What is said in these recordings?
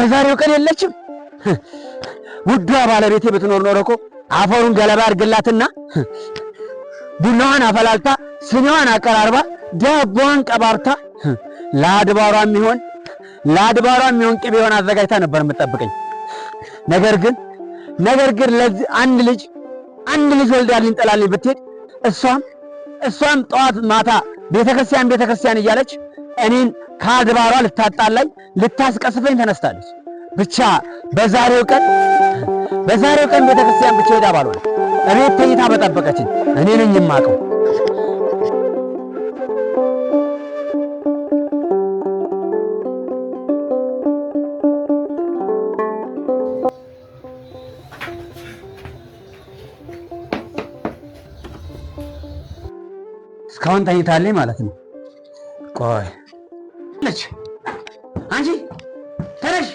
በዛሬው ቀን የለችም። ውዷ ባለቤቴ ብትኖር ኖሮ እኮ አፈሩን ገለባ አድርግላትና ቡናዋን አፈላልታ ስኒዋን አቀራርባ ዳቦዋን ቀባርታ ለአድባሯ የሚሆን ለአድባሯ የሚሆን ቅቤውን አዘጋጅታ ነበር የምጠብቀኝ። ነገር ግን ነገር ግን ለዚህ አንድ ልጅ አንድ ልጅ ወልዳልኝ ጥላልኝ ብትሄድ እሷም እሷም ጠዋት ማታ ቤተክርስቲያን ቤተክርስቲያን እያለች እኔን ከአድባሯ ልታጣላኝ ልታስቀስፈኝ ተነስታለች። ብቻ በዛሬው ቀን በዛሬው ቀን ቤተክርስቲያን ብቻ ሄዳ ባልሆነ እቤት ተኝታ በጠበቀችኝ። እኔ ነኝ የማውቀው። እስካሁን ተኝታለኝ ማለት ነው። ቆይ ለች አንቺ ተነሽ።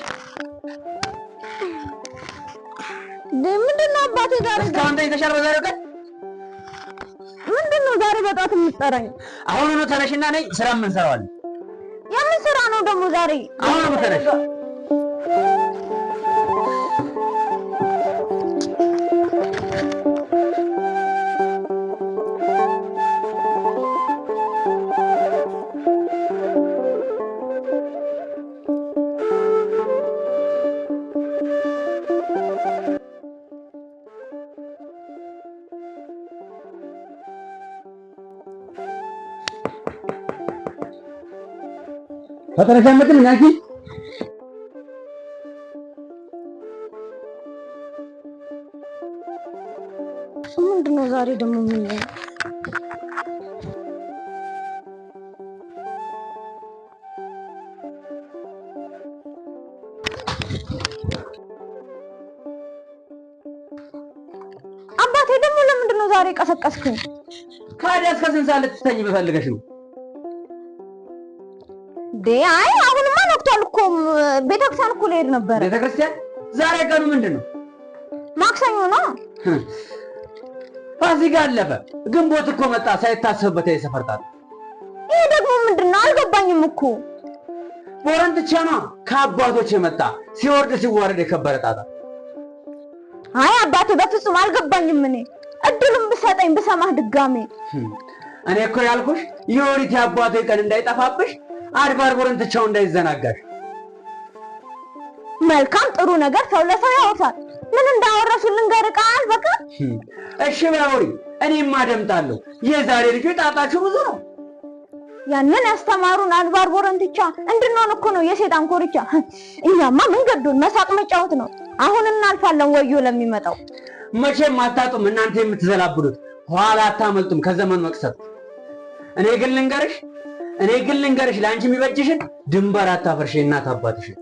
ምንድን ነው አባቴ ዛሬ እስካሁን ተኝተሻል? በዛሬው ቀን ምንድን ነው ዛሬ በጠዋት የምትጠራኝ? አሁኑኑ ተነሽና ነይ፣ ስራ የምንሰራዋለን። የምን ስራ ነው ደግሞ ዛሬ? አሁኑኑ ተነሽ ከተረሻመትም ናኪ ምንድነው ዛሬ ደግሞ ምን አባቴ ደግሞ ለምንድነው ዛሬ ቀሰቀስኩኝ? ካዲያ እስከ ስንት ሰዓት ልትተኝ በፈልገሽ ነው? አይ አሁንማ ነግቷል እኮ ቤተክርስቲያን እኮ ልሄድ ነበረ። ቤተክርስቲያን ዛሬ ቀኑ ምንድን ነው? ማክሰኞ ነው። ፋሲካ አለፈ፣ ግንቦት እኮ መጣ። ሳይታሰብበት የሰፈር ጣጣ። ይሄ ደግሞ ምንድን ነው? አልገባኝም እኮ ቦረንት ቻማ ከአባቶች የመጣ ሲወርድ ሲዋረድ የከበረ ጣጣ። አይ አባቴ በፍጹም አልገባኝም። እኔ እድሉም ብሰጠኝ ብሰማህ ድጋሜ እኔ እኮ ያልኩሽ የወሪት የአባቶች ቀን እንዳይጠፋብሽ አድባርቦርን ትቸው እንዳይዘናጋሽ። መልካም ጥሩ ነገር ሰው ለሰው ያወርሳል። ምን እንዳወረሱ ልንገር ቃል በቃ እሺ ባውሪ፣ እኔም አደምጣለሁ። የዛሬ ልጅ ጣጣችሁ ብዙ ነው። ያንን ያስተማሩን አድባርቦርን ትቻ እንድንሆን እኮ ነው የሴጣን ኮርቻ። እኛማ መንገዱን መሳቅ መጫወት ነው። አሁን እናልፋለን ወዮ ለሚመጣው መቼም አታጡም እናንተ የምትዘላብሉት ኋላ አታመልጡም ከዘመን መቅሰፍት። እኔ ግን ልንገርሽ እኔ ግን ልንገርሽ፣ ለአንቺ የሚበጅሽን ድንበር አታፈርሽ እናት አባትሽን።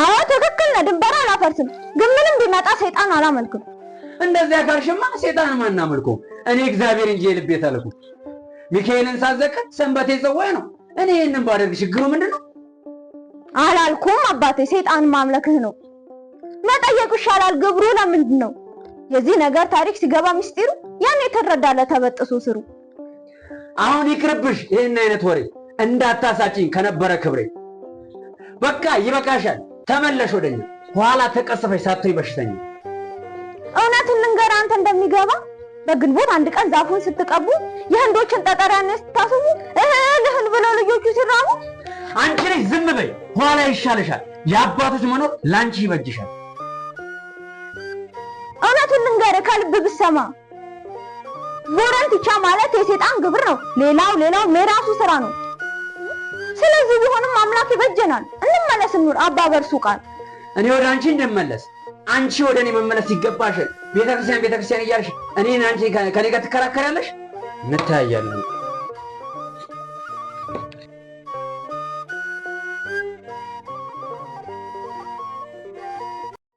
አዎ ትክክል ነህ፣ ድንበር አላፈርስም። ግን ምንም ቢመጣ ሰይጣን አላመልክም። እንደዚያ ጋርሽማ ሰይጣን ማናመልከው እኔ እግዚአብሔር እንጂ የልቤ ተልኩ ሚካኤልን ሳዘከር ሰንበቴ ጽዋዬ ነው። እኔ ይህንን ባደርግ ችግሩ ምንድን ነው? አላልኩም አባቴ፣ ሰይጣን ማምለክህ ነው። መጠየቁ ይሻላል። ግብሩ ለምንድን ነው? የዚህ ነገር ታሪክ ሲገባ ምስጢሩ ያን የተረዳለ ተበጥሶ ስሩ አሁን ይቅርብሽ ይህን አይነት ወሬ እንዳታሳጭኝ ከነበረ ክብሬ። በቃ ይበቃሻል፣ ተመለሽ ወደኛ። ኋላ ተቀስፈሽ ሳትይ በሽተኛ። እውነቱን ልንገር አንተ እንደሚገባ በግንቦት አንድ ቀን ዛፉን ስትቀቡ የህንዶችን ጠጠሪያን ስታስቡ እህልህን ብለው ልጆቹ ሲራሙ አንቺ ልጅ ዝም በይ፣ ኋላ ይሻልሻል። የአባቶች መኖር ለአንቺ ይበጅሻል። እውነቱን ልንገር ከልብ ብሰማ ቦረንቲቻ ማለት የሴ ነው። ሌላው ሌላው የራሱ ስራ ነው። ስለዚህ ቢሆንም አምላክ ይበጀናል። እንመለስ እንኑር አባ በርሱ ቃል እኔ ወደ አንቺ እንድመለስ አንቺ ወደ እኔ መመለስ ይገባሻል። ቤተክርስቲያን ቤተክርስቲያን እያልሽ እኔን አንቺ ከኔ ጋር ትከራከሪያለሽ። እንታያያለን።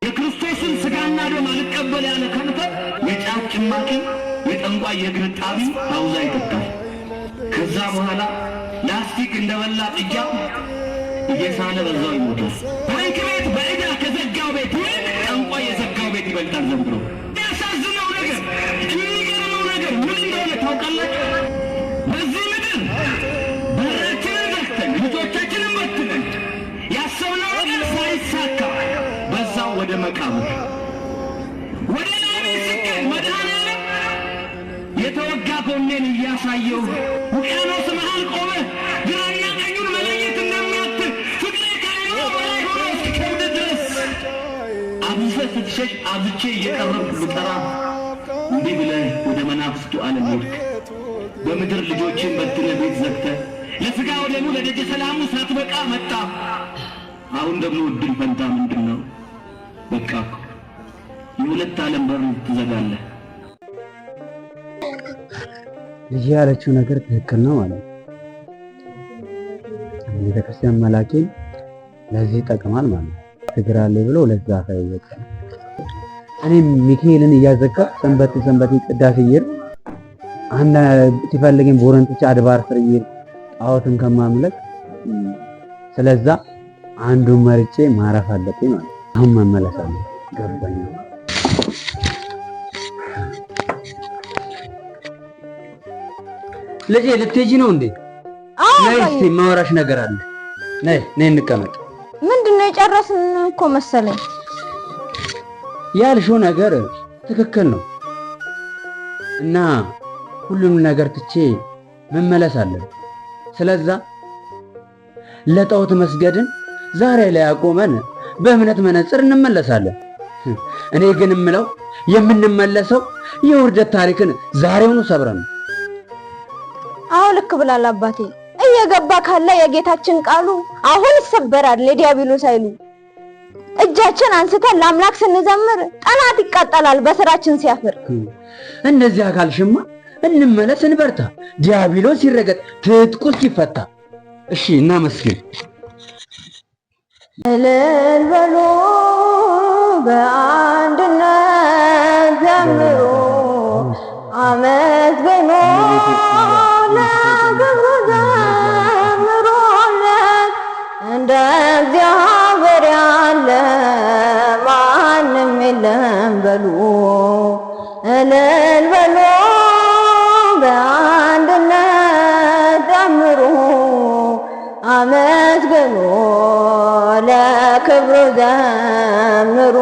የክርስቶስን ስጋና ደም አልቀበል ያለ ከንፈር የጫት ጭማቂ የጠንቋ የግርጣቢ አውዛ ይጠጣል። ከዛ በኋላ ላስቲክ እንደበላ ጥጃው እየሳለ በዛው ይሞታል። ባንክ ቤት በእዳ ከዘጋው ቤት ይልቅ የዘጋው ቤት ይበልጣል ዘንድሮ። የሚያሳዝነው ነገር የሚገርመው ነገር ምን እንደሆነ ታውቃላችሁ? በዚህ ምድር ዘግተን ልጆቻችንን በትነን ያሰብነው ነገር ሳይሳካ በዛው ወደ መቃብር ሸሽ አብቼ እየቀረብኩ ልጠራ እንዲህ ብለህ ወደ መናፍስቱ ዓለም ሄድክ። በምድር ልጆችን በትነ ቤት ዘግተ ለሥጋ ወደሙ ለደጀ ሰላሙ ሳትበቃ መጣ። አሁን ደግሞ እድል ፈንታ ምንድን ነው? በቃ የሁለት ዓለም በር ትዘጋለህ። ልጅ ያለችው ነገር ትክክል ነው ማለት ነው። ቤተክርስቲያን መላኬን ለዚህ ይጠቅማል ማለት ነው። ትግራሌ ብሎ ለዛ ሰው እኔም ሚካኤልን እያዘጋ ሰንበት ሰንበቴ ቅዳሴ እየሄድኩ አንድ ሲፈልገኝ ቦረንጥቻ አድባር ስር እየሄድኩ ጣዖትን ከማምለክ ስለዛ አንዱ መርጬ ማረፍ አለብኝ ማለት አሁን መመለስ ገባኝ። ልጄ ልትሄጂ ነው እንዴ? ነይ እስኪ ማውራሽ ነገር አለ። ነይ ነይ እንቀመጥ። ምንድነው ነው የጨረስን እኮ መሰለኝ ያልሽው ነገር ትክክል ነው እና ሁሉንም ነገር ትቼ መመለስ አለን። ስለዛ ለጣዖት መስገድን ዛሬ ላይ አቆመን በእምነት መነጽር እንመለሳለን። እኔ ግን እምለው የምንመለሰው የውርደት ታሪክን ዛሬውኑ ሰብረን። አዎ ልክ ብላል አባቴ። እየገባ ካለ የጌታችን ቃሉ አሁን ይሰበራል ለዲያብሎስ አይሉ እጃችን አንስተን ለአምላክ ስንዘምር ጠላት ይቃጠላል በስራችን ሲያፍር። አካል ሽማ እንመለስ እንበርታ፣ ዲያብሎስ ሲረገጥ ትጥቁ ሲፈታ። እሺ እናመስግን። እልል በሉ በአንድነት ዘምሩ ለግብሩ ዘምሮለት አመስግኑ ለክብሩ ዘምሩ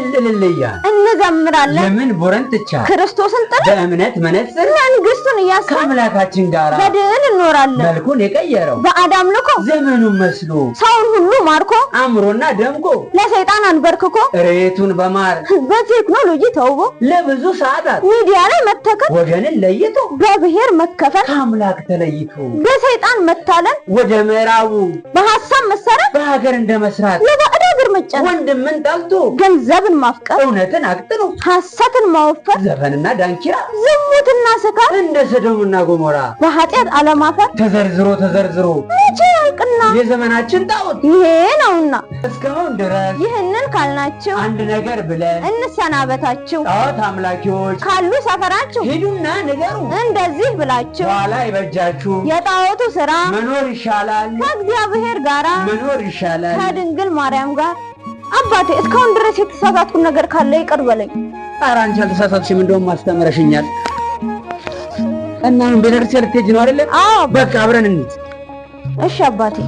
እልልልልያ እንዘምራለን። ለምን ቦረንትቻ ክርስቶስን ጥላ በእምነት መነጽር መንግስቱን እያሰብን ከአምላካችን ጋር በድል እንኖራለን። መልኩን የቀየረው በአዳም ልኮ ዘመኑን መስሎ ሰውን ሁሉ ማርኮ አምሮና ደምቆ ለሰይጣን አንበርክኮ ሬቱን በማር በቴክኖሎጂ ተውቦ ለብዙ ሰዓታት ሚዲያ ላይ መተከል ወገንን ለይቶ በብሔር መከፈል ከአምላክ ተለይቶ በሰይጣን መታለን ወደ ምዕራቡ በሀሳብ መሰረት በሀገር እንደመስራት መጨነቅ፣ ወንድምን ጠልቶ ገንዘብን ማፍቀር፣ እውነትን አቅጥኖ ሐሰትን ማወፈር፣ ዘፈንና ዳንኪራ፣ ዝሙትና ስካር፣ እንደ ሰዶምና ጎሞራ በኃጢአት አለማፈር ተዘርዝሮ ተዘርዝሮ መቼ ያልቅና የዘመናችን ጣዖት ይሄ ነውና እስከመሆን ድረስ ይህንን ካልናችሁ አንድ ነገር ብለን እንሰናበታችሁ። ጣዖት አምላኪዎች ካሉ ሰፈራችሁ ሂዱና ንገሩ እንደዚህ ብላችሁ ኋላ ይበጃችሁ የጣዖቱ ስራ መኖር ይሻላል ከእግዚአብሔር ጋራ መኖር ይሻላል ከድንግል ማርያም ጋር አባቴ እስካሁን ድረስ የተሳሳትኩን ነገር ካለ ይቅር በለኝ። ኧረ አንቺ አልተሳሳትሽም፣ እንደውም አስተምረሽኛል። እና ቤተክርስቲያን ልትሄጂ ነው አይደለ? በቃ አብረን እንሂድ። እሺ አባቴ